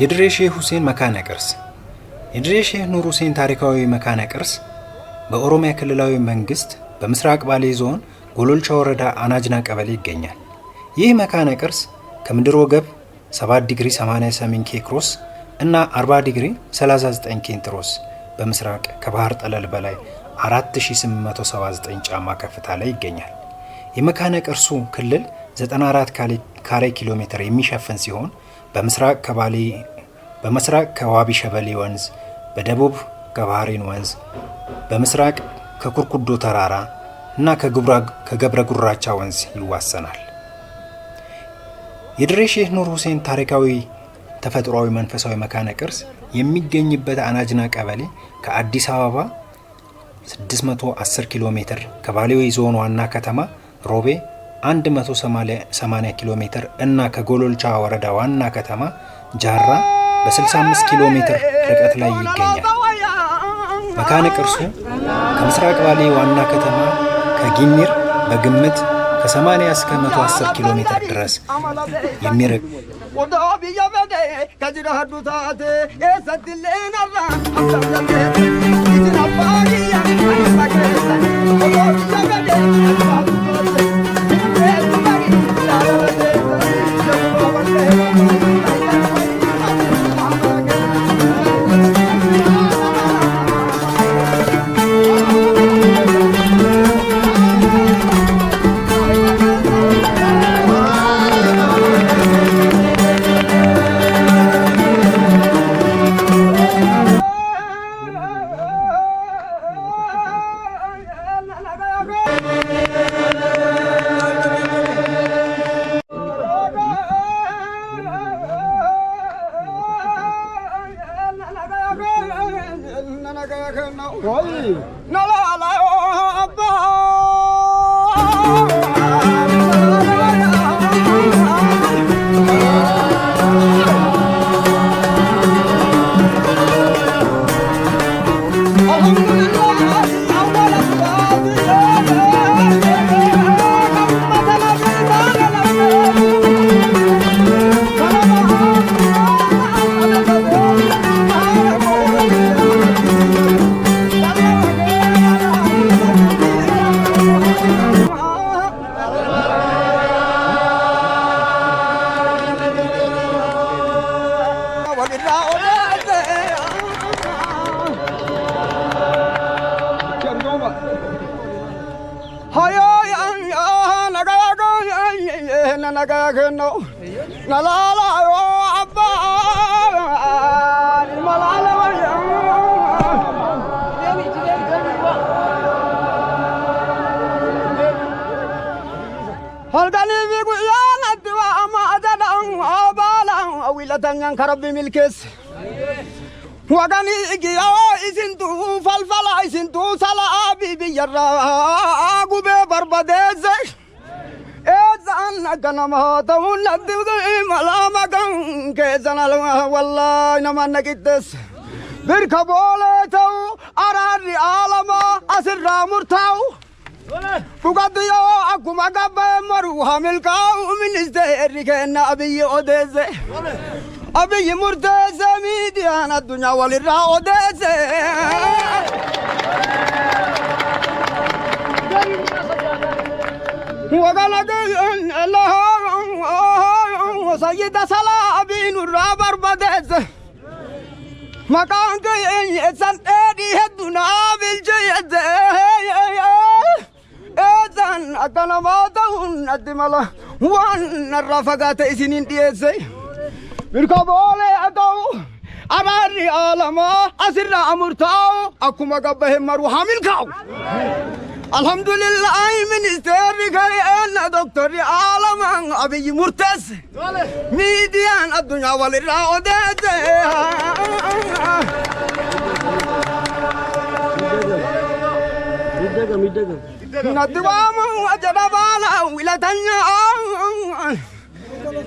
የድሬ ሼህ ሁሴን መካነ ቅርስ የድሬ ሼህ ኑር ሁሴን ታሪካዊ መካነ ቅርስ በኦሮሚያ ክልላዊ መንግስት በምስራቅ ባሌ ዞን ጎሎልቻ ወረዳ አናጅና ቀበሌ ይገኛል። ይህ መካነ ቅርስ ከምድር ወገብ 7 ዲግሪ 88 ኬክሮስ እና 40 ዲግሪ 39 ኬንትሮስ በምስራቅ ከባህር ጠለል በላይ 4879 ጫማ ከፍታ ላይ ይገኛል። የመካነ ቅርሱ ክልል 94 ካሬ ኪሎ ሜትር የሚሸፍን ሲሆን በምስራቅ ከባሌ በምስራቅ ከዋቢ ሸበሌ ወንዝ፣ በደቡብ ከባህሬን ወንዝ፣ በምስራቅ ከኩርኩዶ ተራራ እና ከገብረ ጉራቻ ወንዝ ይዋሰናል። የድሬ ሼህ ኑር ሁሴን ታሪካዊ ተፈጥሯዊ መንፈሳዊ መካነ ቅርስ የሚገኝበት አናጅና ቀበሌ ከአዲስ አበባ 610 ኪሎ ሜትር ከባሌ ዞን ዋና ከተማ ሮቤ 180 ኪሎ ሜትር እና ከጎሎልቻ ወረዳ ዋና ከተማ ጃራ በ65 ኪሎ ሜትር ርቀት ላይ ይገኛል። መካነ ቅርሱ ከምስራቅ ባሌ ዋና ከተማ ከጊሚር በግምት ከ80 እስከ 110 ኪሎ ሜትር ድረስ የሚርቅ ليلة كربي من الكس وغني إجيا إسنتو فالفلا إسنتو سلا بيبي يرا قبي بربديز إذن كنم هاتو ندب ملا مكان كيزن والله إنما نكتس بركبولتو أرى الرعالما أسر مرتاو فقدي أكو قبا مروها ملكا ومن ازدهر كأن أبي أدزة أبي مرتزة أنا الدنيا والراء أدزة وقال الله سيد بدز ما كان مكانك إن سنتي هدنا بالجيد وان ادنا ما دون ادم الله وان الرفقات اسنين ديزي بيركو بولي ادو اراني عالما ازرنا امرتاو اكوما قبه مرو حامل كاو الحمد لله من استيري كاي انا دكتور عالما ابي مرتز ميديان الدنيا والراء ديزي ميدقم ميدقم ندوام وجدبالا ولتنيا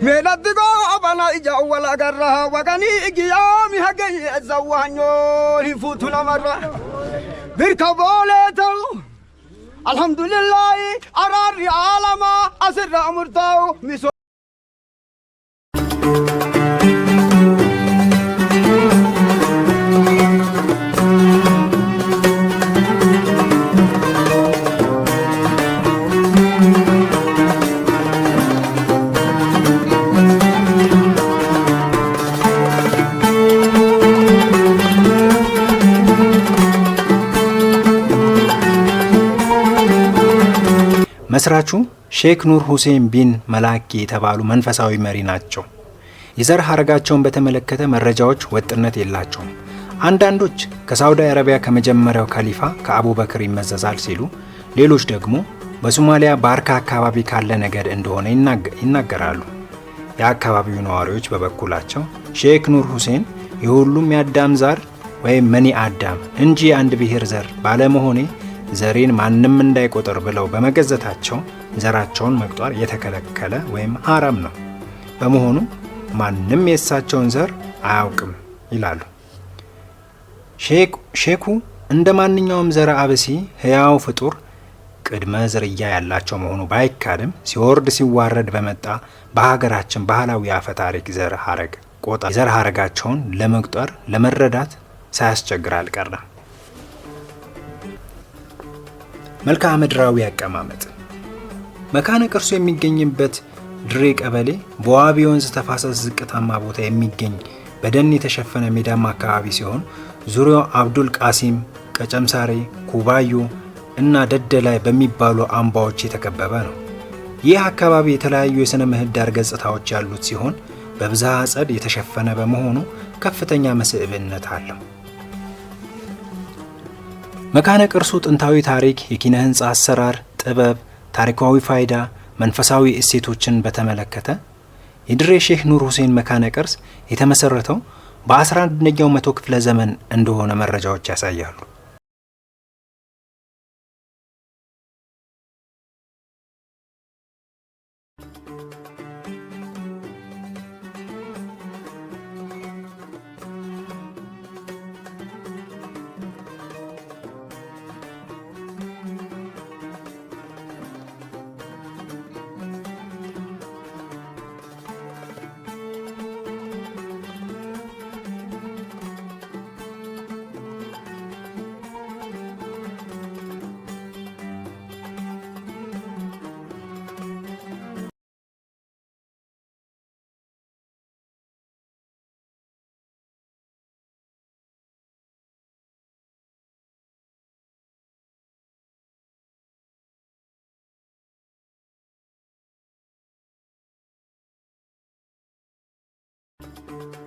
من الدقاء بنا إجا ولا قرها وقني إقيامي هقي الزوانيو يفوتنا مرة بركبوليتو الحمد لله أرى العالم أسر أمرتو መስራቹ ሼክ ኑር ሁሴን ቢን መላኪ የተባሉ መንፈሳዊ መሪ ናቸው። የዘር ሐረጋቸውን በተመለከተ መረጃዎች ወጥነት የላቸውም። አንዳንዶች ከሳውዲ አረቢያ ከመጀመሪያው ካሊፋ ከአቡበክር ይመዘዛል ሲሉ፣ ሌሎች ደግሞ በሶማሊያ ባርካ አካባቢ ካለ ነገድ እንደሆነ ይናገራሉ። የአካባቢው ነዋሪዎች በበኩላቸው ሼክ ኑር ሁሴን የሁሉም የአዳም ዘር ወይም መኒ አዳም እንጂ የአንድ ብሔር ዘር ባለመሆኔ ዘሬን ማንም እንዳይቆጥር ብለው በመገዘታቸው ዘራቸውን መቁጠር የተከለከለ ወይም ሐራም ነው። በመሆኑ ማንም የእሳቸውን ዘር አያውቅም ይላሉ። ሼኩ እንደ ማንኛውም ዘረ አብሲ ሕያው ፍጡር ቅድመ ዝርያ ያላቸው መሆኑ ባይካድም ሲወርድ ሲዋረድ በመጣ በሀገራችን ባህላዊ አፈ ታሪክ ዘር ሀረግ ቆጣ የዘር ሀረጋቸውን ለመቁጠር ለመረዳት ሳያስቸግር አልቀረም። መልክዓ ምድራዊ አቀማመጥ መካነ ቅርሱ የሚገኝበት ድሬ ቀበሌ በዋቢ ወንዝ ተፋሰስ ዝቅታማ ቦታ የሚገኝ በደን የተሸፈነ ሜዳማ አካባቢ ሲሆን ዙሪያው አብዱል ቃሲም፣ ቀጨምሳሬ፣ ኩባዮ እና ደደላይ በሚባሉ አምባዎች የተከበበ ነው። ይህ አካባቢ የተለያዩ የሥነ ምህዳር ገጽታዎች ያሉት ሲሆን በብዝሃ ጸድ የተሸፈነ በመሆኑ ከፍተኛ መስህብነት አለው። መካነ ቅርሱ ጥንታዊ ታሪክ፣ የኪነ ህንፃ አሰራር፣ ጥበብ፣ ታሪካዊ ፋይዳ፣ መንፈሳዊ እሴቶችን በተመለከተ የድሬ ሼህ ኑር ሁሴን መካነ ቅርስ የተመሰረተው በ11ኛው መቶ ክፍለ ዘመን እንደሆነ መረጃዎች ያሳያሉ። thank you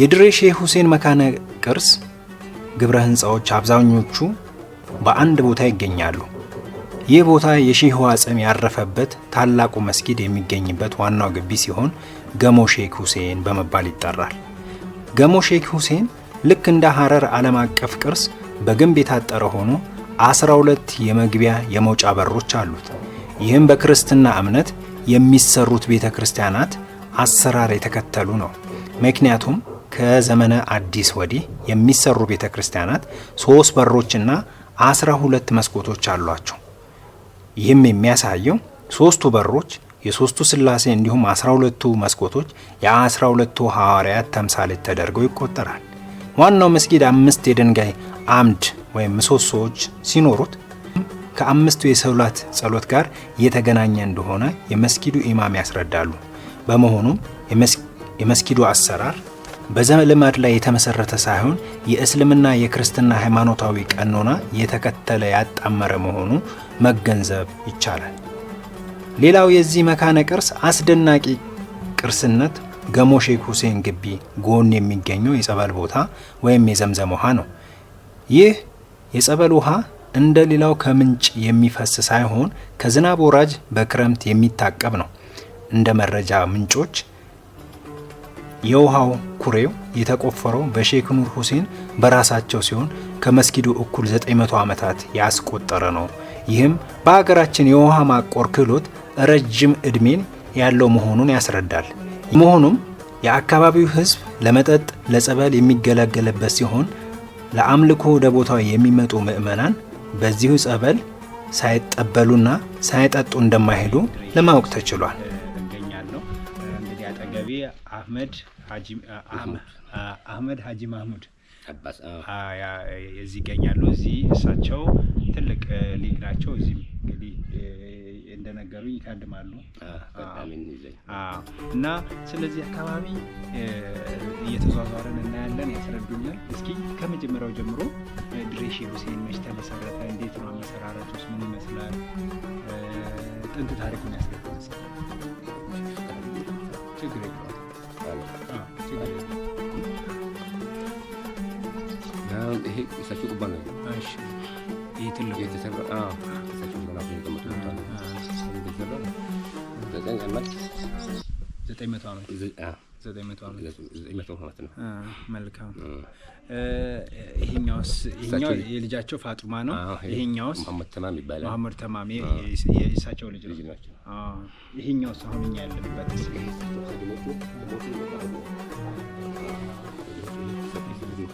የድሬ ሼህ ሁሴን መካነ ቅርስ ግብረ ህንፃዎች አብዛኞቹ በአንድ ቦታ ይገኛሉ። ይህ ቦታ የሼህ አጽም ያረፈበት ታላቁ መስጊድ የሚገኝበት ዋናው ግቢ ሲሆን ገሞ ሼክ ሁሴን በመባል ይጠራል። ገሞ ሼክ ሁሴን ልክ እንደ ሐረር ዓለም አቀፍ ቅርስ በግንብ የታጠረ ሆኖ 12 የመግቢያ የመውጫ በሮች አሉት። ይህም በክርስትና እምነት የሚሰሩት ቤተ ክርስቲያናት አሰራር የተከተሉ ነው። ምክንያቱም ከዘመነ አዲስ ወዲህ የሚሰሩ ቤተ ክርስቲያናት ሶስት በሮችና አስራ ሁለት መስኮቶች አሏቸው። ይህም የሚያሳየው ሶስቱ በሮች የሶስቱ ስላሴ እንዲሁም አስራ ሁለቱ መስኮቶች የአስራ ሁለቱ ሐዋርያት ተምሳሌት ተደርገው ይቆጠራል። ዋናው መስጊድ አምስት የድንጋይ አምድ ወይም ምሰሶዎች ሲኖሩት ከአምስቱ የሰውላት ጸሎት ጋር የተገናኘ እንደሆነ የመስጊዱ ኢማም ያስረዳሉ። በመሆኑም የመስጊዱ አሰራር በዘልማድ ላይ የተመሰረተ ሳይሆን የእስልምና የክርስትና ሃይማኖታዊ ቀኖና የተከተለ ያጣመረ መሆኑ መገንዘብ ይቻላል። ሌላው የዚህ መካነ ቅርስ አስደናቂ ቅርስነት ገሞ ሼክ ሁሴን ግቢ ጎን የሚገኘው የጸበል ቦታ ወይም የዘምዘም ውሃ ነው። ይህ የጸበል ውሃ እንደ ሌላው ከምንጭ የሚፈስ ሳይሆን ከዝናብ ወራጅ በክረምት የሚታቀብ ነው። እንደ መረጃ ምንጮች የውሃው ኩሬው የተቆፈረው በሼክ ኑር ሁሴን በራሳቸው ሲሆን ከመስጊዱ እኩል 900 ዓመታት ያስቆጠረ ነው። ይህም በሀገራችን የውሃ ማቆር ክህሎት ረጅም ዕድሜን ያለው መሆኑን ያስረዳል። መሆኑም የአካባቢው ሕዝብ ለመጠጥ፣ ለጸበል የሚገለገልበት ሲሆን ለአምልኮ ወደ ቦታው የሚመጡ ምዕመናን በዚሁ ጸበል ሳይጠበሉና ሳይጠጡ እንደማይሄዱ ለማወቅ ተችሏል። አህመድ አህመድ ሀጂ ማህሙድ እዚህ ይገኛሉ። እዚህ እሳቸው ትልቅ ሊግ ናቸው። እዚህ እንግዲህ እንደነገሩ ይታድማሉ እና ስለዚህ አካባቢ እየተዟዟረን እናያለን፣ ያስረዱኛል። እስኪ ከመጀመሪያው ጀምሮ ድሬሽ ሁሴን መች ተመሰረተ? እንዴት ነው አመሰራረቱ? ውስጥ ምን ይመስላል? ጥንት ታሪኩን ያስረዱ ችግር ይሄ እሳቸው ቁባ ነው ዘጠኝ መቶ ዓመት ዘጠኝ መቶ ዓመት ነው። መልካም። ይሄኛውስ ይሄኛው የልጃቸው ፋጡማ ነው። ይሄኛውስ መሐመድ ተማም ይባላል። መሐመድ ተማም የእሳቸው ልጅ ነው። ይሄኛውስ አሁን እኛ ያለንበት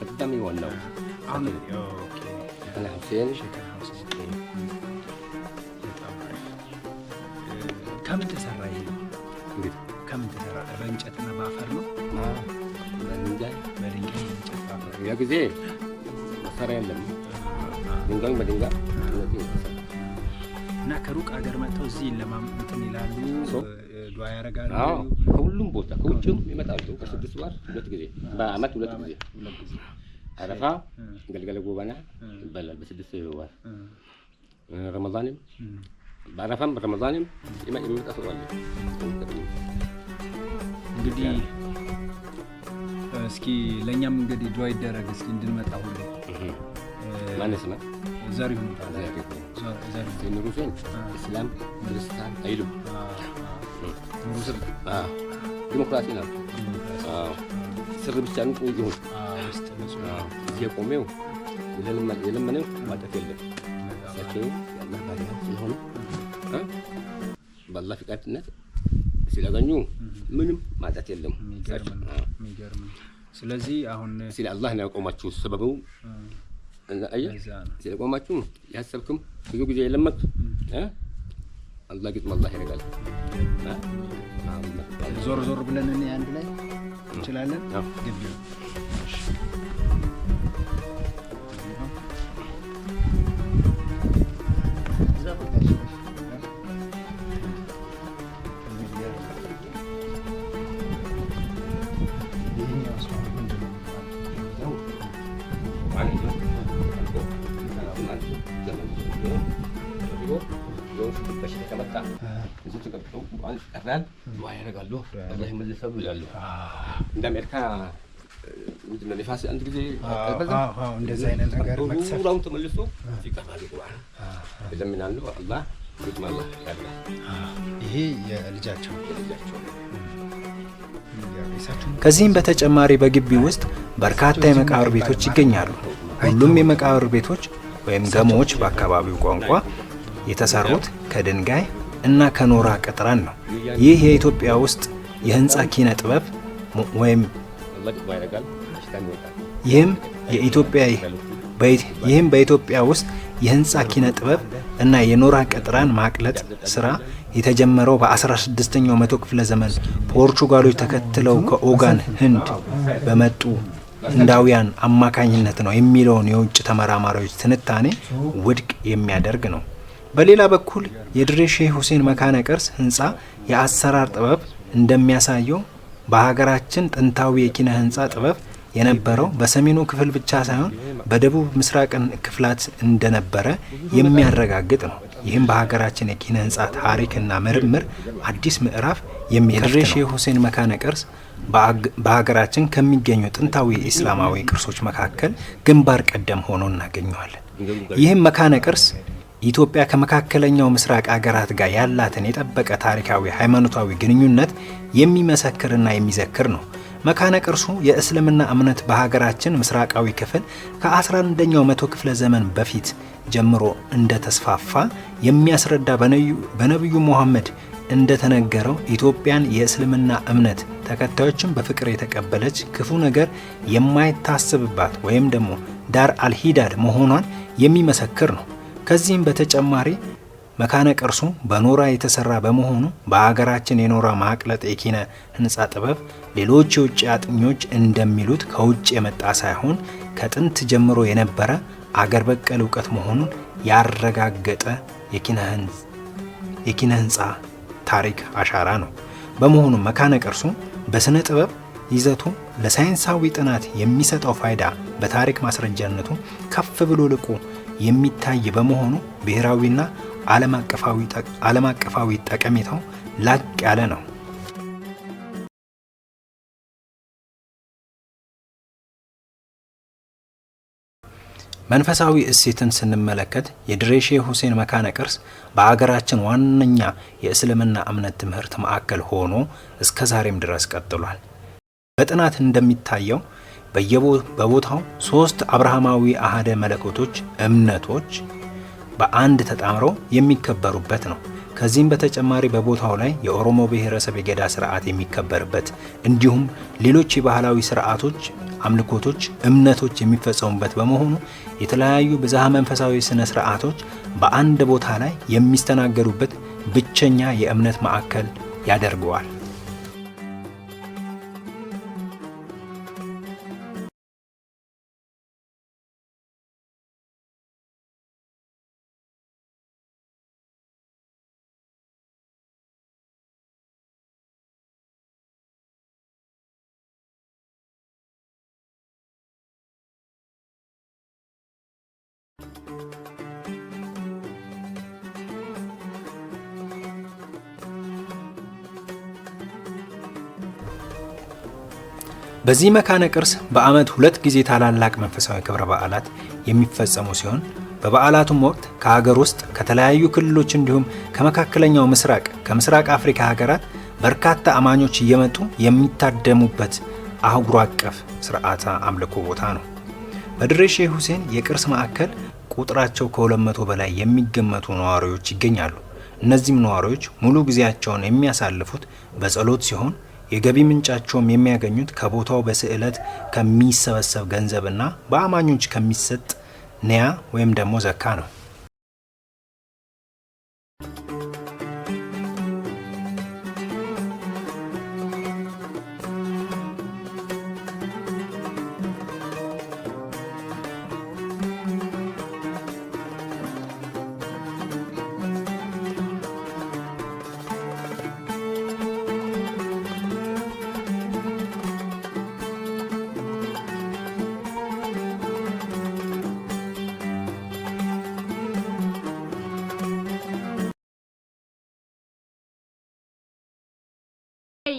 ቀዳሚ ዋናው ከምን ተሰራ ይሄ እንግዲህ ከምን ትሰራለህ? በእንጨትና በአፈር ነው። በድንጋይ በድንጋይ እንጨት ባፈር ያ ጊዜ መሳሪያ የለም። ድንጋይ በድንጋይ እና ከሩቅ ሀገር መጥተው እዚህ ለማምጥን ይላሉ። ዱዓ ያደርጋሉ። ከሁሉም ቦታ ከውጭም ይመጣሉ። ከስድስት ወር ሁለት ጊዜ በአመት ሁለት ጊዜ አረፋ ገልገለ ጎበና ይባላል። በስድስት ወር ረመዛንም በአረፋም በረመዛንም ይመጣ ሰው አለ። እንግዲህ እስኪ ለእኛም እንግዲህ ድዋ ይደረግ እስኪ እንድንመጣ ሁሉ ማነስ ነው ዘሪሁን ኑሩሴን እስላም ክርስቲያን አይሉም። ዲሞክራሲ ነው ስር ብቻ ይሁን። እዚህ የቆሜው የለመነው ማጠፍ የለም ሳቸው ያለ ባሪያ ስለሆነ ስላገኙ ምንም ማጣት የለም። የሚገርም ነው። ስለዚህ አሁን ስለ አላህ ነው ያቆማችሁ ሰበቡ ስለ ቆማችሁ ያሰብክም ብዙ ጊዜ የለመት አላህ ግጥም አላህ ያደርጋል። ዞር ዞር ብለን አንድ ላይ እንችላለን ግቢ 많이 들고 그리고 በሽታ ከመጣ እዚህ ተቀብጠው ጠራን ዱዓ ያደርጋሉ። አላህ ይመልሳሉ ያሉ እንደ አሜሪካ ምንድነው ነፋስ አንድ ጊዜ እንደዚህ አይነት ነገር ዙራውን ተመልሶ ይቀራሉ። ቁርአን ይለምናሉ። አላህ ሪትም አላህ ያድርጋል። ይሄ የልጃቸው የልጃቸው ከዚህም በተጨማሪ በግቢ ውስጥ በርካታ የመቃብር ቤቶች ይገኛሉ። ሁሉም የመቃብር ቤቶች ወይም ገሞዎች በአካባቢው ቋንቋ የተሰሩት ከድንጋይ እና ከኖራ ቅጥራን ነው። ይህ የኢትዮጵያ ውስጥ የህንፃ ኪነ ጥበብ ወይም ይህም የኢትዮጵያ ይህም በኢትዮጵያ ውስጥ የህንፃ ኪነ ጥበብ እና የኖራ ቅጥራን ማቅለጥ ስራ የተጀመረው በ16ኛው መቶ ክፍለ ዘመን ፖርቹጋሎች ተከትለው ከኦጋን ህንድ በመጡ ህንዳውያን አማካኝነት ነው የሚለውን የውጭ ተመራማሪዎች ትንታኔ ውድቅ የሚያደርግ ነው። በሌላ በኩል የድሬ ሼህ ሁሴን መካነ ቅርስ ህንፃ የአሰራር ጥበብ እንደሚያሳየው በሀገራችን ጥንታዊ የኪነ ህንፃ ጥበብ የነበረው በሰሜኑ ክፍል ብቻ ሳይሆን በደቡብ ምስራቅ ክፍላት እንደነበረ የሚያረጋግጥ ነው። ይህም በሀገራችን የኪነ ህንጻ ታሪክና ምርምር አዲስ ምዕራፍ የሚከፍት ነው። ሁሴን መካነ ቅርስ በሀገራችን ከሚገኙ ጥንታዊ እስላማዊ ቅርሶች መካከል ግንባር ቀደም ሆኖ እናገኘዋለን። ይህም መካነ ቅርስ ኢትዮጵያ ከመካከለኛው ምስራቅ አገራት ጋር ያላትን የጠበቀ ታሪካዊ፣ ሃይማኖታዊ ግንኙነት የሚመሰክርና የሚዘክር ነው። መካነ ቅርሱ የእስልምና እምነት በሀገራችን ምስራቃዊ ክፍል ከ11ኛው መቶ ክፍለ ዘመን በፊት ጀምሮ እንደተስፋፋ የሚያስረዳ በነቢዩ ሙሐመድ እንደተነገረው ኢትዮጵያን የእስልምና እምነት ተከታዮችን በፍቅር የተቀበለች ክፉ ነገር የማይታሰብባት ወይም ደግሞ ዳር አልሂዳድ መሆኗን የሚመሰክር ነው። ከዚህም በተጨማሪ መካነ ቅርሱ በኖራ የተሰራ በመሆኑ በሀገራችን የኖራ ማቅለጥ የኪነ ህንፃ ጥበብ ሌሎች የውጭ አጥኞች እንደሚሉት ከውጭ የመጣ ሳይሆን ከጥንት ጀምሮ የነበረ አገር በቀል እውቀት መሆኑን ያረጋገጠ የኪነ ህንፃ ታሪክ አሻራ ነው። በመሆኑ መካነ ቅርሱ በሥነ ጥበብ ይዘቱ ለሳይንሳዊ ጥናት የሚሰጠው ፋይዳ በታሪክ ማስረጃነቱ ከፍ ብሎ ልቆ የሚታይ በመሆኑ ብሔራዊና ዓለም አቀፋዊ ጠቀሜታው ላቅ ያለ ነው። መንፈሳዊ እሴትን ስንመለከት የድሬ ሼህ ሁሴን መካነ ቅርስ በአገራችን ዋነኛ የእስልምና እምነት ትምህርት ማዕከል ሆኖ እስከ ዛሬም ድረስ ቀጥሏል። በጥናት እንደሚታየው በቦታው ሶስት አብርሃማዊ አህደ መለኮቶች እምነቶች በአንድ ተጣምረው የሚከበሩበት ነው። ከዚህም በተጨማሪ በቦታው ላይ የኦሮሞ ብሔረሰብ የገዳ ስርዓት የሚከበርበት እንዲሁም ሌሎች የባህላዊ ስርዓቶች አምልኮቶች፣ እምነቶች የሚፈጸሙበት በመሆኑ የተለያዩ ብዝሃ መንፈሳዊ ስነ ስርዓቶች በአንድ ቦታ ላይ የሚስተናገዱበት ብቸኛ የእምነት ማዕከል ያደርገዋል። በዚህ መካነ ቅርስ በዓመት ሁለት ጊዜ ታላላቅ መንፈሳዊ ክብረ በዓላት የሚፈጸሙ ሲሆን በበዓላቱም ወቅት ከሀገር ውስጥ ከተለያዩ ክልሎች እንዲሁም ከመካከለኛው ምስራቅ ከምስራቅ አፍሪካ ሀገራት በርካታ አማኞች እየመጡ የሚታደሙበት አህጉር አቀፍ ስርዓተ አምልኮ ቦታ ነው። በድሬ ሼህ ሁሴን የቅርስ ማዕከል ቁጥራቸው ከ200 በላይ የሚገመቱ ነዋሪዎች ይገኛሉ። እነዚህም ነዋሪዎች ሙሉ ጊዜያቸውን የሚያሳልፉት በጸሎት ሲሆን የገቢ ምንጫቸውም የሚያገኙት ከቦታው በስዕለት ከሚሰበሰብ ገንዘብና በአማኞች ከሚሰጥ ንያ ወይም ደግሞ ዘካ ነው።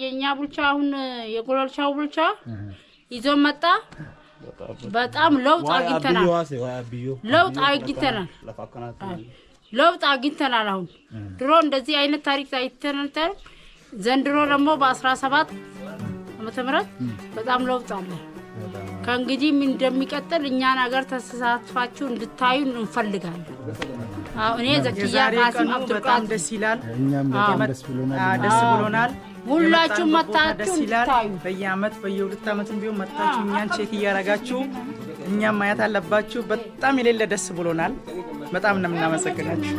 የእኛ ቡልቻ አሁን የጎለልቻው ቡልቻ ይዞ መጣ። በጣም ለውጥ አግኝተናል። ለውጥ አግኝተናል። ለውጥ አግኝተናል። አሁን ድሮ እንደዚህ አይነት ታሪክ አይተናል። ዘንድሮ ደግሞ በ17 ዓመተ ምህረት በጣም ለውጥ አለ። ከእንግዲህ እንደሚቀጥል እኛን ሀገር ተሳትፋችሁ እንድታዩ እንፈልጋለን። እኔ ዘኪያ ካሲም አብዱልቃድር። በጣም ደስ ይላል። ደስ ብሎናል። ሁላችሁ መታችሁ እንድታዩ በየአመት በየሁለት አመት ቢሆን መታችሁ እኛን ቼክ እያረጋችሁ እኛም ማየት አለባችሁ። በጣም የሌለ ደስ ብሎናል። በጣም ነው የምናመሰግናችሁ።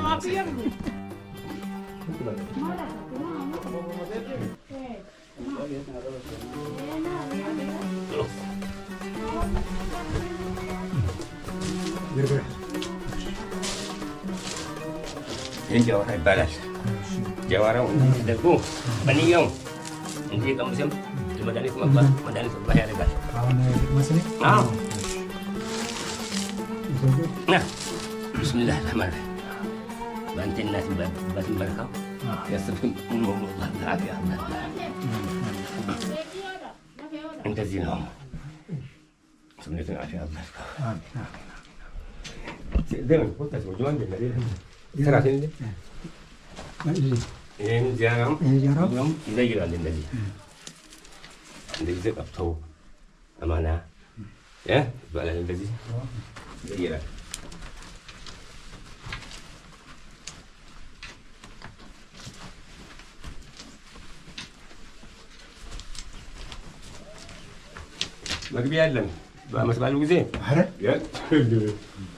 ይባላል jawara dagu baniyong hindi ka mo siyam madali sa magba madali sa bayari ba ah nah, oh. nah. Bismillahirrahmanirrahim bantin na si batin barakaw nah. ya sabi mo mo lagi እንደዚህ ነው ስምነትን አፊ አላስካ ግን ወጣች ወጅዋን ገለ ራሴ ينجرم ينجرم يغير للنبي نجزك أبطو أمانة يا بقى للنبي يغير مقبي يعلم بقى ما تبقى له زين يا